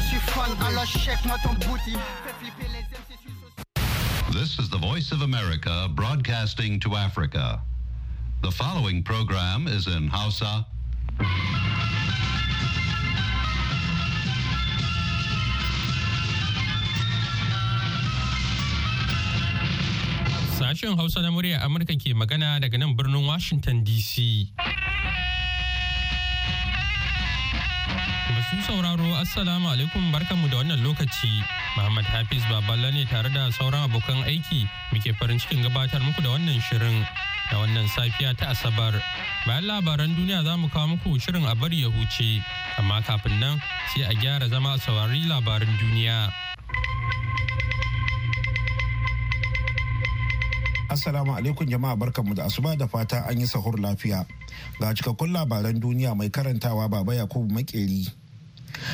suis fan, alors chèque moi ton booty. Fais flipper les MC, This is the Voice of America broadcasting to Africa. The following program is in Hausa. Sashen Hausa na murya Amurka ke magana daga nan birnin Washington DC. Masu sauraro Assalamu alaikum barkanmu da wannan lokaci. Muhammad Hafiz Baballa ne tare da sauran abokan aiki muke farin cikin gabatar muku da wannan shirin da wannan safiya ta Asabar. Bayan labaran duniya za mu kawo muku shirin a bari ya huce, amma kafin nan sai a gyara zama a saurari labarin duniya. Assalamu alaikum jama'a barkanmu da asuba da fata an yi sahur lafiya. Ga cikakkun labaran duniya mai karantawa baba Yakubu Makeri.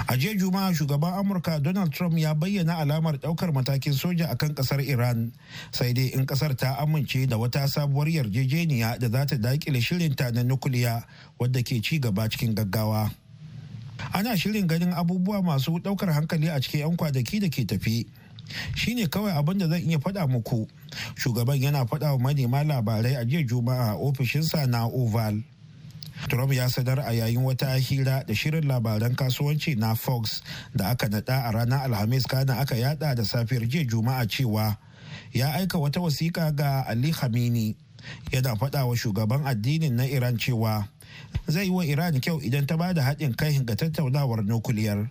a jiya juma'a shugaban amurka donald trump ya bayyana alamar daukar matakin soja a kan kasar iran sai dai in kasar ta amince da wata sabuwar yarjejeniya da za ta dakile shirinta na nukuliya wadda ke ci gaba cikin gaggawa ana shirin ganin abubuwa masu daukar hankali a cikin 'yan kwanaki da ke tafi shine kawai abin da zan iya faɗa muku shugaban yana faɗa wa manema labarai a jiya juma'a ofishinsa na oval Trump ya sanar a yayin wata hira da shirin labaran kasuwanci na Fox da aka nada a ranar Alhamis kana aka yada da safiyar jiya Juma'a cewa ya aika wata wasiƙa ga Ali Khamenei yana faɗa wa shugaban addinin na Iran cewa zai yi wa Iran kyau idan ta ba da haɗin kai ga tattaunawar nukuliyar.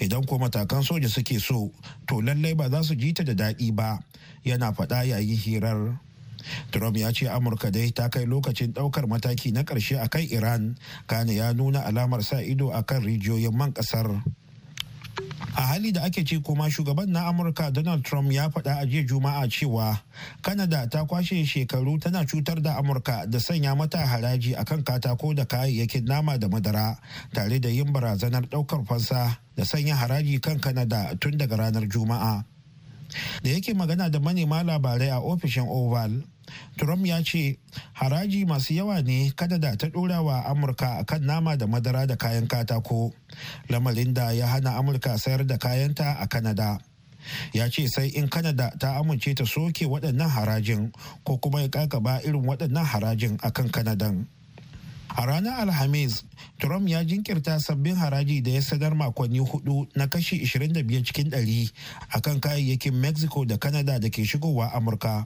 Idan ko matakan soja suke so, to lallai ba za su ji ta da daɗi ba, yana faɗa yayin hirar. Trump ya ce Amurka dai ta kai lokacin daukar mataki na karshe a kan Iran, kane ya nuna alamar sa ido a kan rijiyoyin man kasar. a hali da ake ce kuma shugaban na amurka donald trump ya faɗa a jiya juma'a cewa Kanada ta kwashe shekaru tana cutar da amurka da sanya mata haraji a kan katako da kayayyakin nama da madara tare da yin barazanar ɗaukar fansa da sanya haraji kan Kanada tun daga ranar juma'a da yake magana da manema labarai a ofishin oval trump ya ce haraji masu yawa ne Kanada ta dora wa amurka kan nama da madara da kayan katako lamarin da ya hana amurka sayar da kayanta a kanada ya ce sai in kanada ta amince ta soke waɗannan harajin ko kuma ya kakaba irin waɗannan harajin akan kanadan A ranar Alhamis, Trump ya jinkirta sabbin haraji da ya sanar makonni hudu na kashi 25 cikin 100 akan kayayyakin Mexico da Canada da ke shigowa Amurka.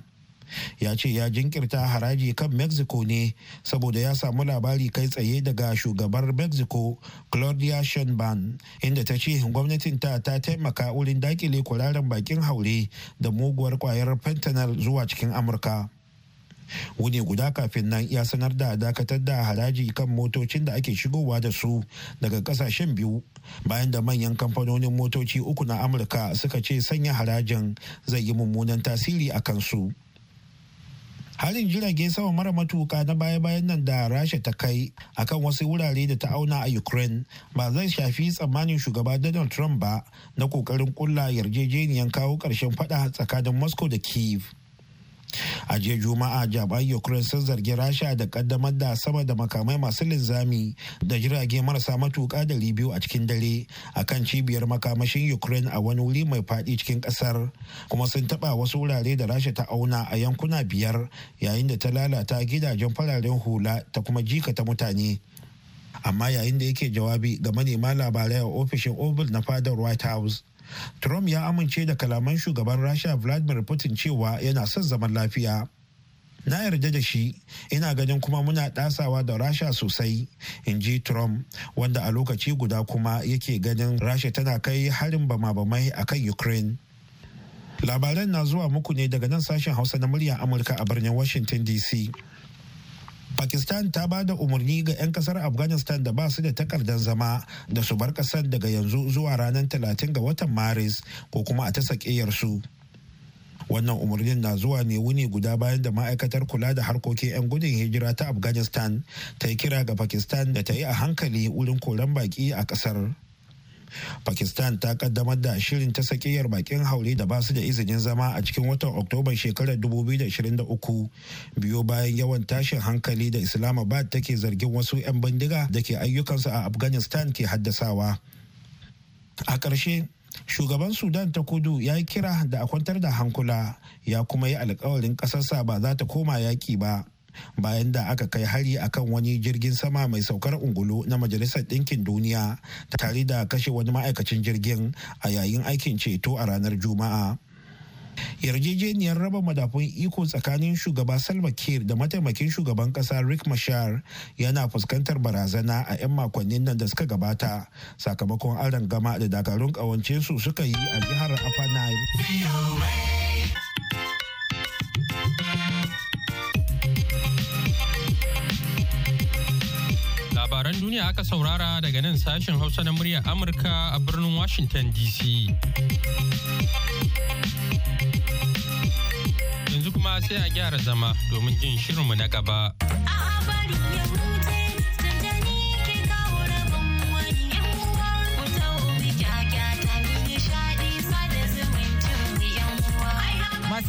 Ya ce ya jinkirta haraji kan Mexico ne saboda ya samu labari kai tsaye daga shugabar Mexico Claudia Sheinbaum inda ta ce gwamnatin ta taimaka wurin dakile kwararren bakin haure da muguwar kwayar fentanyl zuwa cikin Amurka. wuni guda kafin nan ya sanar da dakatar da haraji kan motocin da ake shigowa da su daga kasashen biyu bayan da manyan kamfanonin motoci uku na amurka suka ce sanya harajin zai yi mummunan tasiri a kansu harin jirage sama mara matuka na baya-bayan nan da rasha ta kai akan wasu wurare da ta auna a ukraine ba zai shafi tsammanin shugaba donald trump ba na kokarin kulla yarjejeniyar kawo ƙarshen fada tsakanin moscow da kiev a jiya juma'a jami'an ukraine sun zargi rasha da kaddamar da sama da makamai masu linzami da jirage marasa matuƙa da biyu a cikin dare a kan cibiyar makamashin ukraine a wani wuri mai faɗi cikin ƙasar kuma sun taɓa wasu wurare da rasha ta auna a yankuna biyar yayin da ta lalata gidajen fararen hula ta kuma jikata mutane amma yayin da yake jawabi ga manema labarai a ofishin oval na fadar white house trump ya amince da kalaman shugaban rasha vladimir putin cewa yana son zaman lafiya na yarda da shi ina ganin kuma muna ɗasawa da rasha sosai in ji trump wanda a lokaci guda kuma yake ganin rasha tana kai harin bama-bamai a kan ukraine labaran na zuwa muku ne daga nan sashen hausa na muryar amurka a birnin washington dc pakistan ta ba da umarni ga 'yan kasar afghanistan da ba su da takardar zama da su bar kasar daga yanzu zuwa ranar 30 ga watan maris ko kuma a ta su wannan umarnin na zuwa ne wuni guda bayan da ma'aikatar kula da harkokin 'yan gudun hijira ta afghanistan ta yi kira ga pakistan da ta yi a hankali wurin koren baki a kasar pakistan ta kaddamar da shirin ta sakiyar bakin haure da basu da izinin zama a cikin watan oktoba shekarar 2023 biyo bayan yawan tashin hankali da islamabad take zargin wasu 'yan bindiga da ke ayyukansu a afghanistan ke haddasawa a ƙarshe shugaban sudan ta kudu ya yi kira da a kwantar da hankula ya kuma yi alkawarin ƙasarsa ba za ta koma yaƙi ba bayan da aka kai hari kan wani jirgin sama mai saukar ungulu na majalisar ɗinkin duniya tare da kashe wani ma'aikacin jirgin a yayin aikin ceto a ranar juma'a yarjejeniyar raba madafun iko tsakanin shugaba salva kiir da mataimakin shugaban kasa rick mashar yana fuskantar barazana a 'yan makonnin nan da suka gabata sakamakon aron gama da dakarun kawance su suka yi a jihar apanai labaran duniya aka saurara daga nan sashen Hausa na muryar Amurka a birnin Washington DC. Yanzu kuma sai a gyara zama domin jin shirinmu na gaba. A'a bari ya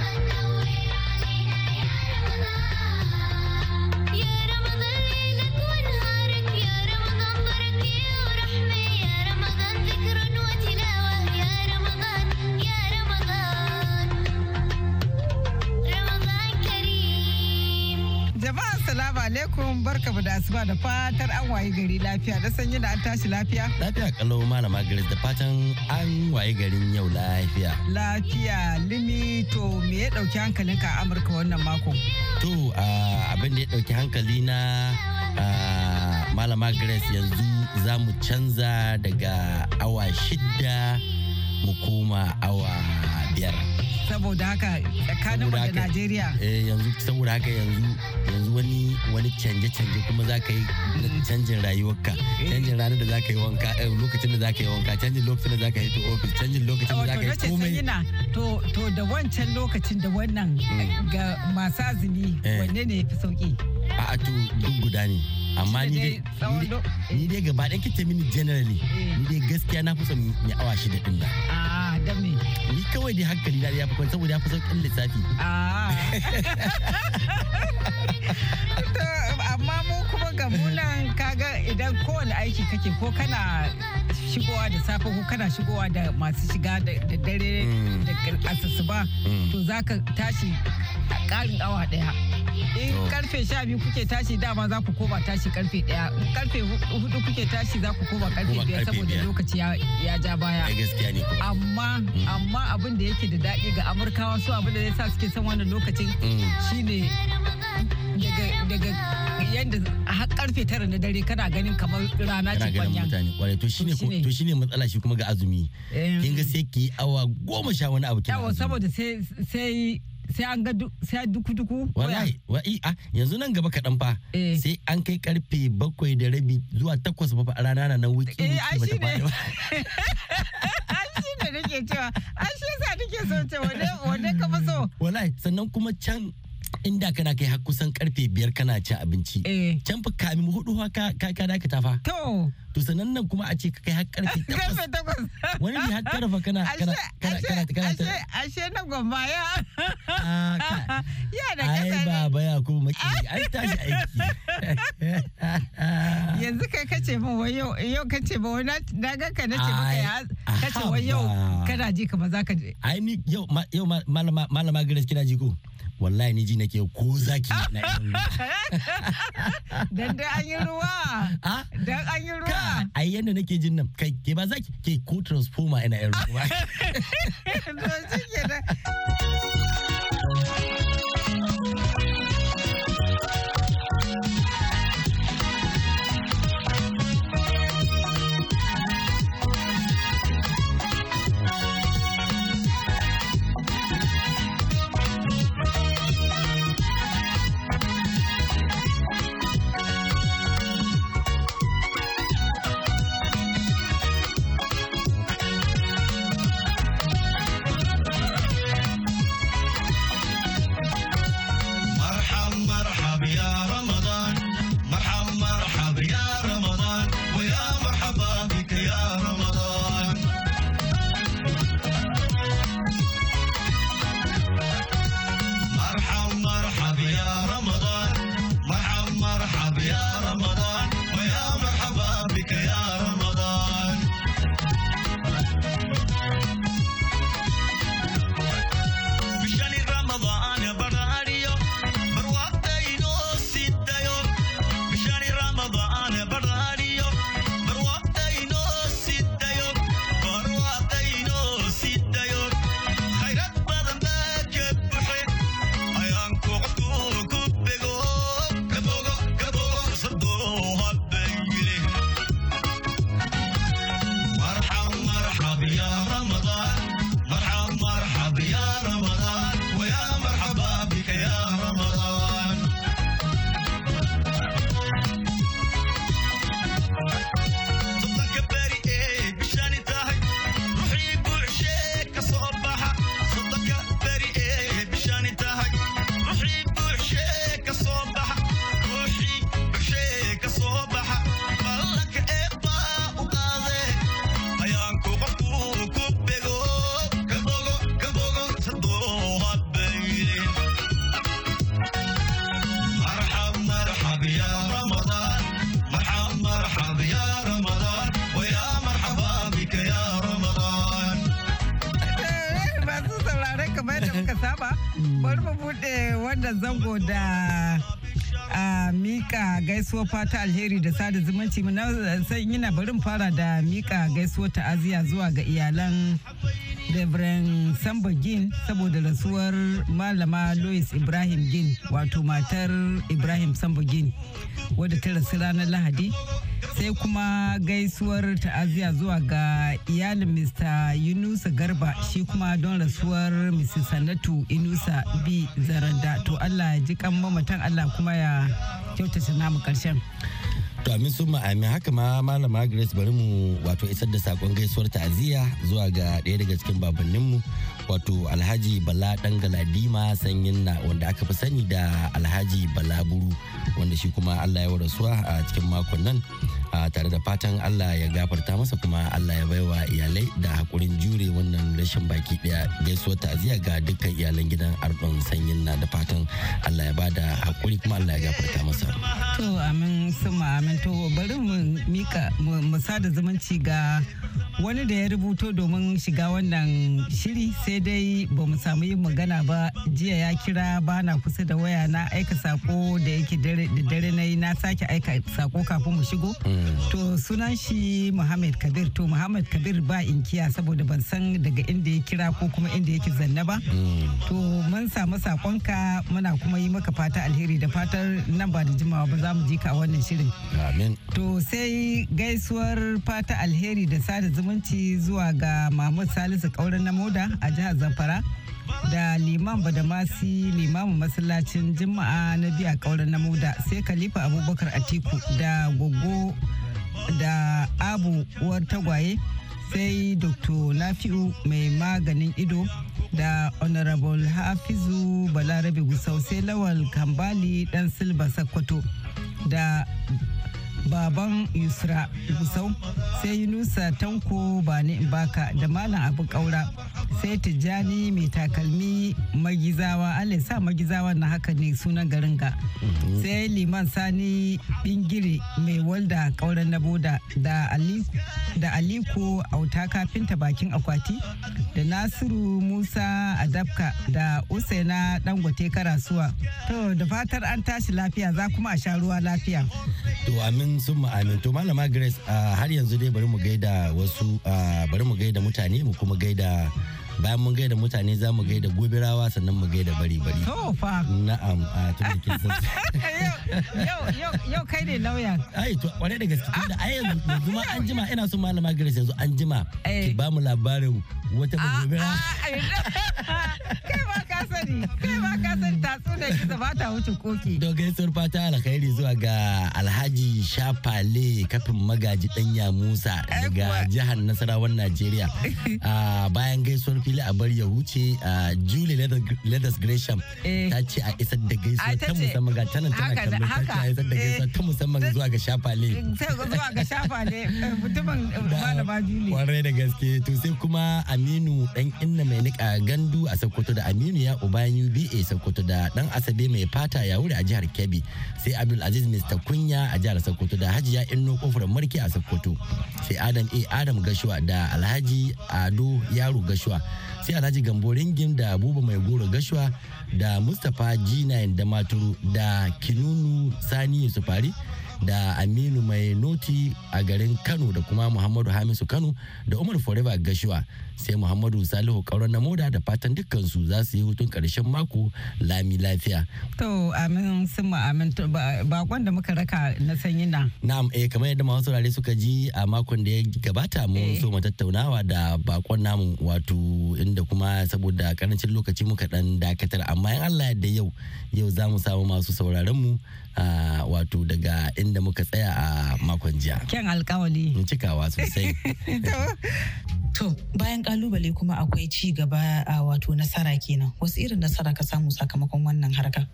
I'm not alaikum barka da asuba da fatar an waye gari lafiya da sanyi da an tashi lafiya. Lafiya kallo malama Grace da fatan an waye garin yau lafiya. Lafiya limi to me ya dauki ka a Amurka wannan mako. To abin da ya dauki hankali na malama Grace yanzu za mu canza daga awa shida mu koma awa biyar. saboda haka tsakanin da Najeriya eh yanzu saboda haka yanzu yanzu wani wani canje canje kuma za ka yi canjin rayuwarka eh. canjin ranar da za ka yi wanka eh, lokacin da za ka yi wanka canjin lokacin da za ka yi to ofis canjin lokacin da za oh, ka yi komai to to da wancan lokacin da wannan mm. ga masu azumi eh. wanne ne ya fi sauki a'a to duk guda ne amma ni dai gaba ɗaya kice mini generally ni dai gaskiya na fi son mai awa shida din da dan me ni kawai ne hankali na ya fi saboda ya fi sauƙin lissafi ah. amma mu kuma ga munan kaga idan kowane aiki kake ko kana shigowa da safe ko kana shigowa da masu shiga da dare da ba to za ka tashi a ƙarin awa ɗaya in eh, karfe sha biyu kuke tashi dama za ku koma tashi karfe daya in karfe hudu kuke tashi za ku koma karfe biyar saboda lokaci ya ja baya amma mm. amma abin da yake da daɗi ga amurkawa su abin da ya sa suke son wannan lokacin mm. shine daga yadda har karfe tara na dare kana ganin kamar rana ce kwanya. to shine to shine matsala shi kuma ga azumi. Eh. Kin ga sai ki awa goma sha wani abu kina. saboda sai sai sai an ga sai duku-duku. Wallahi wa'i a ah, yanzu nan gaba kaɗan fa eh. sai an kai karfe bakwai da rabi zuwa takwas ba a rana na nan wiki wiki mata eh, ba. Shi ne nake cewa an shi yasa nake so cewa wanda ka so. Wallahi sannan kuma can inda kana kai har kusan karfe biyar kana cin abinci eh. can fa kami hudu ka ka ka tafa fa to to sannan nan kuma a ce ka kai har karfe takwas wani ne har karfe kana kana kana kana kana ashe na gwamba ya ya da kasa ai baba ya kuma maki ai tashi aiki yanzu kai kace min wai yau yau kace ba wai na ga ka nace maka ya kace wai yau kana ji ka ba za ka je ai ni yau yau malama malama gares kina ji ko wallahi ni ji nake ko zaki na dan da an yi ruwa dan an yi ruwa ai yanda nake jin nan kai ke ba zaki ke ko transformer ina irin ruwa to gaisuwa fata alheri da sada zumunci mu na san yana barin fara da mika gaisuwa ta'aziya zuwa ga iyalan Reverend Samba Gin saboda rasuwar Malama Louis Ibrahim Gin wato matar Ibrahim Samba Gin wadda ta rasu ranar Lahadi. Sai kuma gaisuwar ta'aziyya zuwa ga iyalin Mr. Yunusa Garba shi kuma don rasuwar Mrs. Sanatu Inusa B. Zaranda. To Allah ya ji kan mamatan Allah kuma ya kyautata namu ƙarshen. To amin sun ma'amin haka ma malama Grace bari mu wato isar da sakon gaisuwar ta'aziyya zuwa ga ɗaya daga cikin babanninmu wato alhaji bala dan galadima sanyin na wanda aka fi sani da alhaji bala buru wanda shi kuma allah ya rasuwa a cikin makon nan tare da fatan allah ya gafarta masa kuma allah ya baiwa iyalai da hakurin jure wannan rashin baki daya gaisuwar ta'aziyya ga dukkan iyalan gidan ardon sanyin na da fatan allah ya ba da hakuri kuma allah ya gafarta masa to amin suma amin to bari mu mika mu sada zumunci ga wani da ya rubuto domin shiga wannan shiri sai sai dai ba mu samu yin magana ba jiya ya kira ba na kusa da waya na aika sako da yake dare na yi na sake aika sako kafin mu shigo mm. to sunan shi muhammad kabir to muhammad kabir ba inkiya saboda ban san daga inda ya kira ko kuma inda yake zanna ba mm. to mun samu sakonka muna kuma yi maka fata alheri da fatar nan ba da jimawa ba za mu ji ka a wannan shirin amin to sai gaisuwar fata alheri da sada zumunci zuwa ga mahmud salisu kauran na moda a jihar zamfara da liman badamasi limamin masallacin juma'a na biya kauran na muda sai kalifa abubakar atiku da gogo da abu uwar tagwaye sai dr nafi'u mai maganin ido da honorable hafizu balarabe gusau sai lawal kambali dan silba sakkwato da baban Yusra Gusau sai Yunusa Tanko ba baka da Malam Abu Kaura sai Tijjani mai takalmi magizawa alisa magizawa na haka ne sunan garin ga mhm. sai Liman Sani Bingire mai walda kauran na boda da Aliko auta kafinta bakin akwati da Nasiru Musa Adabka da Usaina Dangote Karasuwa to da fatar an tashi lafiya za kuma a sha ruwa lafiya to amin sun amin to malama grace har yanzu dai bari mu gaida wasu bari mu gaida mutane mu kuma gaida bayan mun gaida mutane za mu gaida gobirawa sannan mu gaida bari bari fa na'am a tun da yau kai ne lauya ai to kware da gaske da ai yanzu ma an jima ina son malama grace yanzu an jima eh. ki ba mu labarin wata ah, gobira ah, ah, kai ba ka sani ta gaisuwar fata alkhairi zuwa ga alhaji shafale kafin magaji danya musa daga jihar Nasarawar najeriya bayan gaisuwar fili a bar ya wuce julie leathers gresham eh. ta ce a isar da gaisuwar ta musamman ga tanan tana kallon ta ce a isar da gaisuwar ta eh. musamman zuwa ga shafale zuwa ga shafale eh, mutumin malama julie kwarai da gaske to sai kuma aminu dan inna mai niƙa gandu a sokoto da aminu ya abdullahi ubayan uba sokoto da ɗan asabe mai fata ya wuri a jihar kebbi sai abdul aziz mr kunya a jihar sokoto da hajiya inno kofar marki a sokoto sai adam a adam gashuwa da alhaji ado yaro gashuwa sai alhaji gambo ringim da buba mai goro gashuwa da mustapha g9 da maturu da kinunu sani yusufari da aminu mai noti a garin kano da kuma muhammadu hamisu kano da umar forever gashuwa sai muhammadu salihu kauran na moda da fatan dukkansu za su yi hutun karshen mako lami lafiya to amin sun amin bakon da muka raka na sanyi na na'am eh kamar yadda masu saurare suka ji a makon da ya gabata mu eh. so mu tattaunawa da bakon namu wato inda kuma saboda karancin lokaci muka dan dakatar amma in Allah da yau yau za mu samu masu sauraron mu wato daga inda muka tsaya a makon jiya kyan alkawali cikawa sosai to bayan kalubale kuma akwai ci gaba a wato nasara kenan wasu irin nasara ka samu sakamakon wannan harka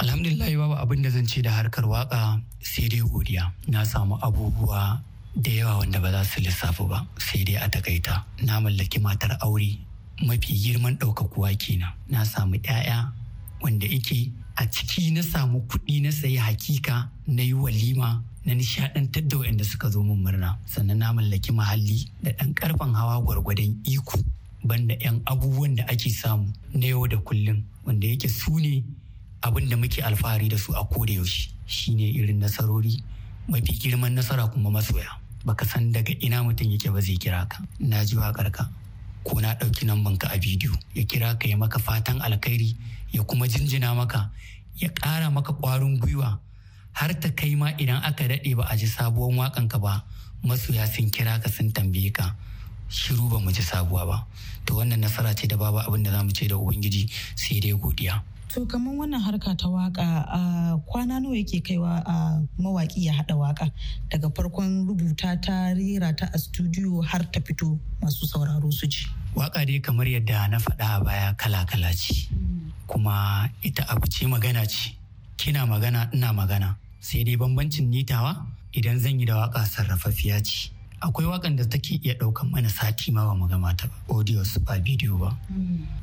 alhamdulillah babu abin da zan ce da harkar waka sai dai godiya na samu abubuwa da yawa wanda ba za su lissafu ba sai dai a takaita na mallaki matar aure mafi girman ɗaukakuwa kenan na samu 'ya'ya wanda ike a ciki na samu kuɗi na sayi hakika na yi walima na nishaɗantar da waɗanda suka zo min murna sannan na mallaki mahalli da ɗan karfan hawa gwargwadon iko banda 'yan abubuwan da ake samu na yau da kullum wanda yake su ne abin da muke alfahari da su a koda yaushe shine irin nasarori mafi girman nasara kuma masoya baka san daga ina mutum yake ba zai kira ka na ji waƙar ka. ko na ɗauki nan ka a bidiyo ya kira ka ya maka fatan alkhairi ya kuma jinjina maka ya ƙara maka ƙwarin gwiwa har ta kai ma idan aka daɗe ba a ji sabuwan waƙanka ba masoya sun kira ka sun tambaye ka shiru ba mu ji sabuwa ba to wannan nasara ce da babu abin da za mu ce da ubangiji sai dai godiya to kamar wannan harka ta waka a kwana nawa yake kaiwa a mawaki ya hada waka daga farkon rubuta ta rera ta a studio har ta fito masu sauraro su ji waka dai kamar yadda na faɗa a baya kala-kala ce kuma ita abu ce magana ce kina magana ina magana sai dai bambancin nitawa idan zan yi da waka sarrafaffiya ce akwai wakan da take iya ɗaukan mana sati ma ba mu gama ta ba audio ba bidiyo ba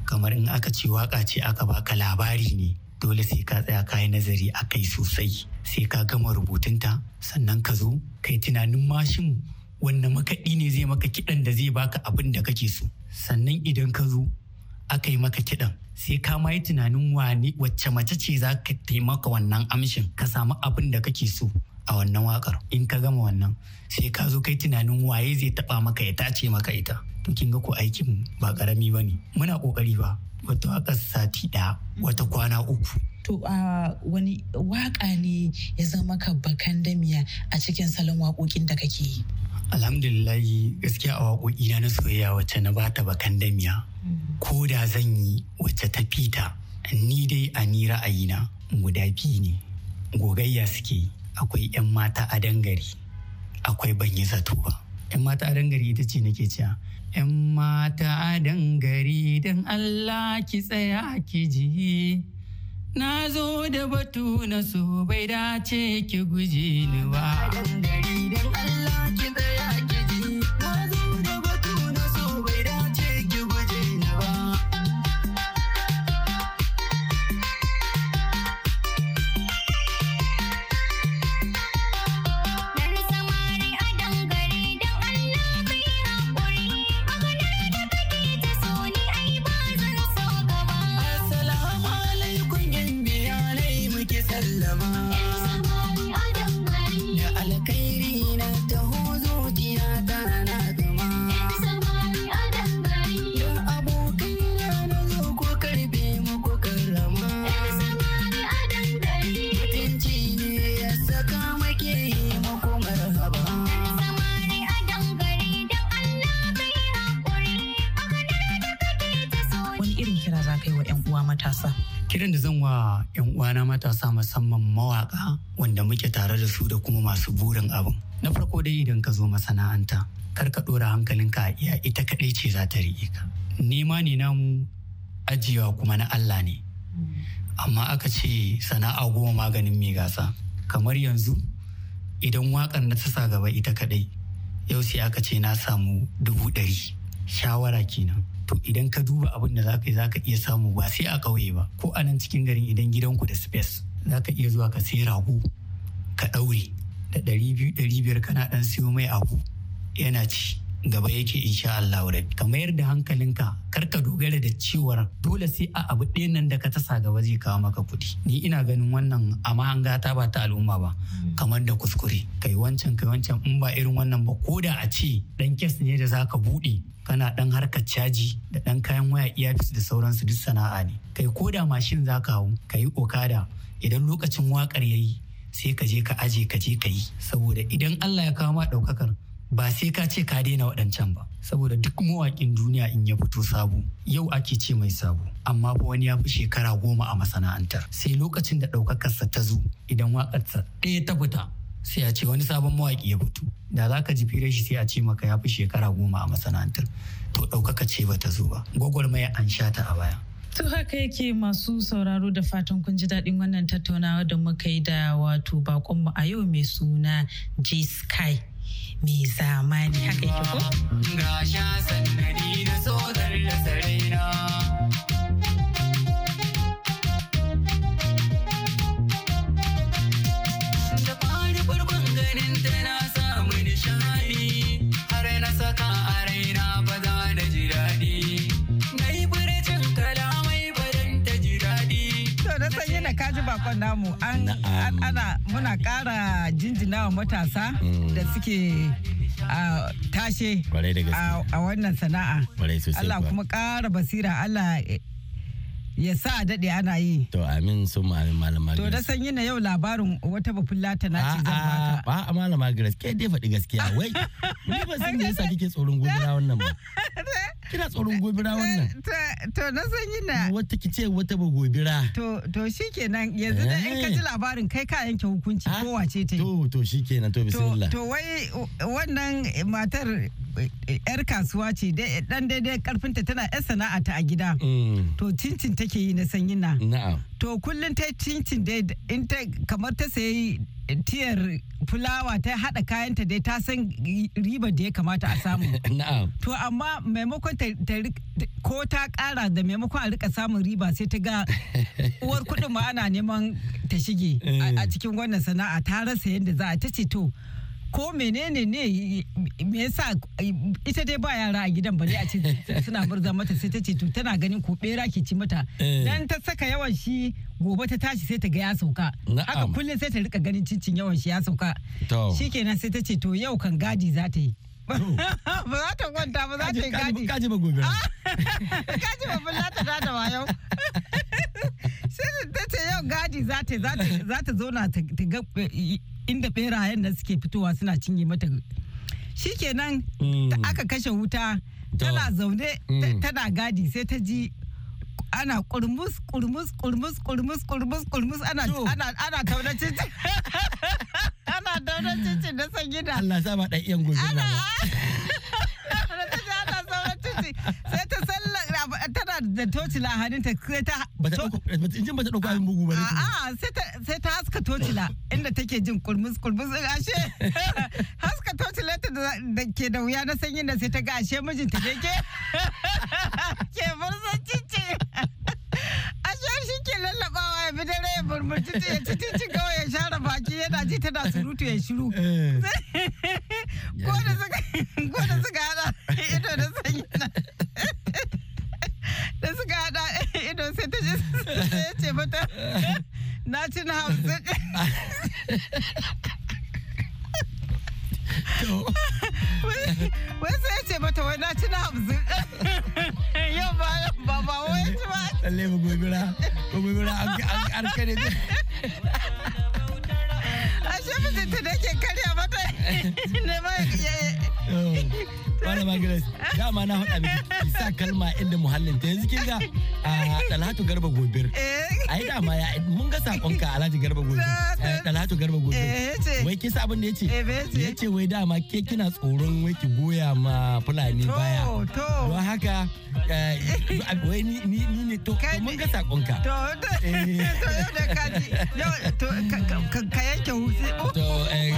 kamar in aka ce waka ce aka baka labari ne dole sai ka tsaya kayi nazari a kai sosai sai ka gama rubutun ta, sannan ka zo kai tunanin mashin wannan makaɗi ne zai maka kiɗan da zai baka abin da kake so sannan idan ka zo aka yi maka kiɗan sai ka ma yi tunanin wani wacce mace ce za ka taimaka wannan amshin ka samu abin da kake so a wannan wakar in ka gama wannan sai ka zo kai tunanin waye zai taba maka ya tace maka ita to kin ga ko aikin ba karami ne muna kokari ba wato aka sati ɗaya wata kwana uku. To a wani waƙa ne ya zama ka bakan damiya a cikin salon waƙoƙin da kake yi? alhamdulillahi gaskiya a waƙoƙi na soyayya wacce na bata bakan damiya ko da zan yi wacce ta fita ni dai a ni ra'ayina guda biyu ne gogayya suke akwai 'yan mata a dangare akwai ban yi zato ba 'yan mata a dangare ita ce nake cewa 'yan mata a dangare don allah ki tsaya ki ji na zo da batu na so bai dace ki guji ni ba matasa kiran da zan wa 'yan uwana matasa musamman mawaƙa wanda muke tare da su da kuma masu burin abin na farko dai idan ka zo masana'anta kar ka ɗora hankalinka a iya ita kaɗai ce za ta riƙe ka nema ne namu ajiyewa kuma na Allah ne amma aka ce sana'a goma maganin mai gasa kamar yanzu idan waƙar na ta gaba ita kaɗai yau sai aka ce na samu dubu ɗari shawara kenan to idan ka duba abin da zaka yi zaka iya samu ba sai a ƙauye ba ko a nan cikin garin idan gidanku da space zaka iya zuwa ka sai rago ka ɗaure da ɗari biyu ɗari biyar kana ɗan siyo mai abu yana ci gaba yake insha Allah rabbi ka mayar da hankalinka kar ka dogara da ciwar dole sai a abu ɗaya nan da ka tasa gaba zai kawo maka kuɗi ni ina ganin wannan amma an gata ba ta al'umma ba hmm. kamar da kuskure kai wancan kai wancan in ba irin wannan ba ko da a ce dan kes ne da zaka buɗe kana dan harkar caji da dan kayan waya iyafis da sauransu duk sana'a ne kai ko da mashin za ka hau Ka yi okada idan lokacin wakar yi, sai ka je ka aje ka je ka yi saboda idan Allah ya kawo ma ɗaukakar ba sai ka ce ka daina waɗancan ba saboda duk mawaƙin duniya in ya fito sabo yau ake ce mai sabo amma fa wani ya fi shekara goma a masana'antar sai lokacin da ɗaukakarsa ta zo idan waƙarsa ɗaya ta fita sai a ce wani sabon mawaƙi ya fito da za ka ji fira shi sai a ce maka ya fi shekara goma a masana'antar to ɗaukaka ce ba ta zo ba gwagwarmaya an sha ta a baya To haka yake masu sauraro da fatan kun ji daɗin wannan tattaunawa da muka yi da wato bakonmu a yau mai suna J-Sky. mai zamani haka yake ko? Ga sha sannari na so da sarina. namu ana muna kara jinjina wa matasa mm. da suke tashe a wannan sana'a Allah kuma kara basira Allah ya sa daɗe ana yi. To amin sun ma'amin malama To da san na yau labarin wata bafin lata na ce zan Ba a malama Grace ke dai faɗi gaskiya wai. Ni ba san ya yasa kike tsoron gudana wannan ba. kina tsoron gobira wannan. Eh, to na san yana. Wata ki ce wata ba gobira. To to shikenan yanzu da in ka ji eh. labarin kai ka yanke hukunci ah, ko wace ta yi. To to shikenan to bismillah. To wai wannan matar yar kasuwa ce dan daidai karfinta tana yar sana'a ta a gida. Mm. To cincin take yi na sanyi na. Na'am. To kullum ta cincin dai in ta kamar ta sayi tiyar fulawa ta haɗa kayanta dai ta san riba da ya kamata a samu. To amma maimakon ko ta ƙara da maimakon a rika samun riba sai ta ga uwar kuɗin ma ana neman ta shige a eh. cikin wannan sana'a ta rasa yadda za a ta ce to. ko menene ne me yasa ita dai ba yara a gidan bari a ce suna murza mata sai ta ce to tana ganin ko bera ke ci mata eh. dan ta saka yawan shi gobe ta tashi sai ta ga ya sauka haka kullum sai ta rika ganin cincin yawan shi ya sauka shikenan sai ta ce to yau kan gadi za ta yi ba za ta kwanta ba za ta yi gadi kaji ba gobe kaji ba bulla ta da wayo sai ta ce gadi za ta za ta zauna ta ga eh, inda berayen da suke fitowa suna cinye mata shikenan mm. aka kashe wuta tana zaune mm. tana gadi sai ta ji ana kurmus kurmus kurmus kurmus kurmus kurmus ana ana ana tauna ana tauna cincin na san gida Allah sa ba dan iyan gobe na ba sai ta da toci lahadin ta sai eh, ta injin ba ta ɗauko abin bugu ba a a'a sai ta haska la inda take jin kurmus kurmus ashe haska toci la da ke da wuya na sanyin da sai ta ga ashe mijinta ta ke ke bursan cici ashe shi ke lallabawa ya bi dare ya burmurci ya ci cici kawai ya share baki yana ji tana surutu ya shiru eh. ko da suka hada ido da sanyi da suka hada ido sai ta je ce mata na cin hamsin wai sai ce mata wai na cin hamsin yau ba ba ba wai ci ba lalle ba gobira ba gobira an karka karkare ashe ta da ke karya mata ne ma ya Malama Grace, dama na haɗa miki sa kalma inda muhallin ta yanzu kin ga Dalhatu Garba Gobir. yi eh. dama ya mun ga a Alhaji Garba Gobir. Dalhatu eh, Garba Gobir. Eh, wai kin abin da ya ce wai dama ke kina tsoron wai ki goya ma Fulani baya. To. to Don haka wai ni ni ne to mun ga saƙonka. To to da kaji. Yau to ka yanke hutu. To eh.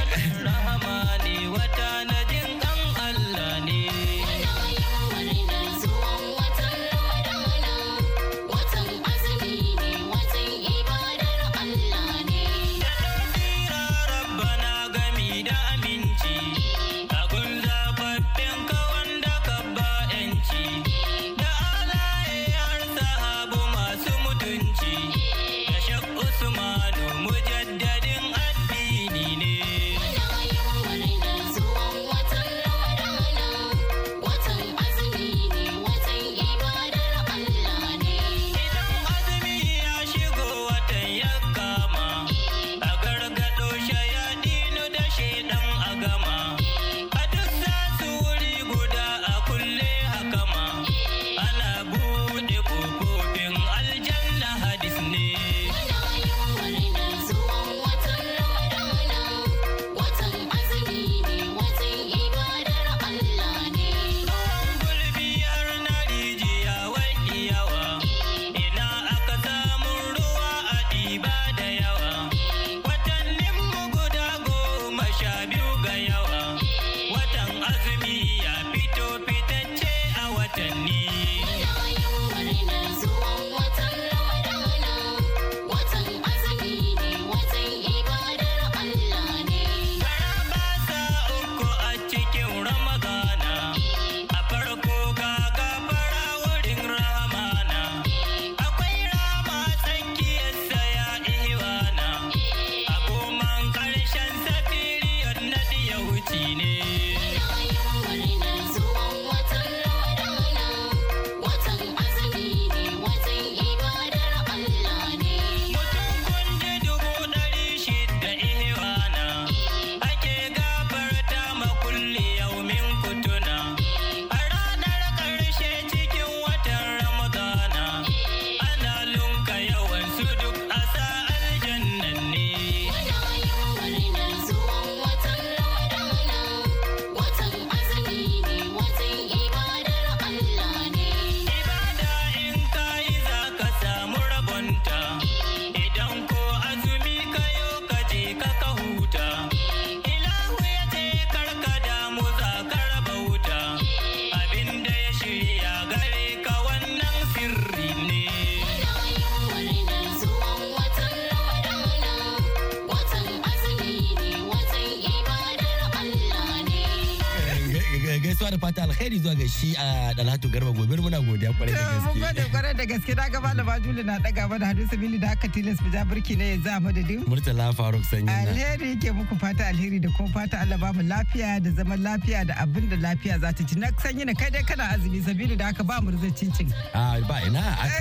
alheri zuwa ga shi a Dalatu Garba gobe muna godiya kwarai da gaske. Mun gode kwarai da gaske na ga malama Bajulu na daga mana hadu sabili da aka tilas bija ja burki ne yanzu a madadin. Murtala Faruk sanyi na. Alheri yake muku fata alheri da kuma fata Allah ba mu lafiya da zaman lafiya da abin da lafiya za ta ci na sanyi na kai dai kana azumi sabili da aka ba mu rizar cincin. A ba ina ai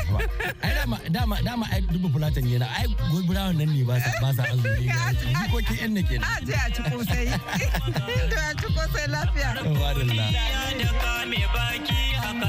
dama dama dama ai dubu fulatan yana ai gobirawan nan ne ba sa ba sa azumi. Ni ko ke yan nake. A je a ci kosai. Da ci kosai lafiya. Wa kame baki haka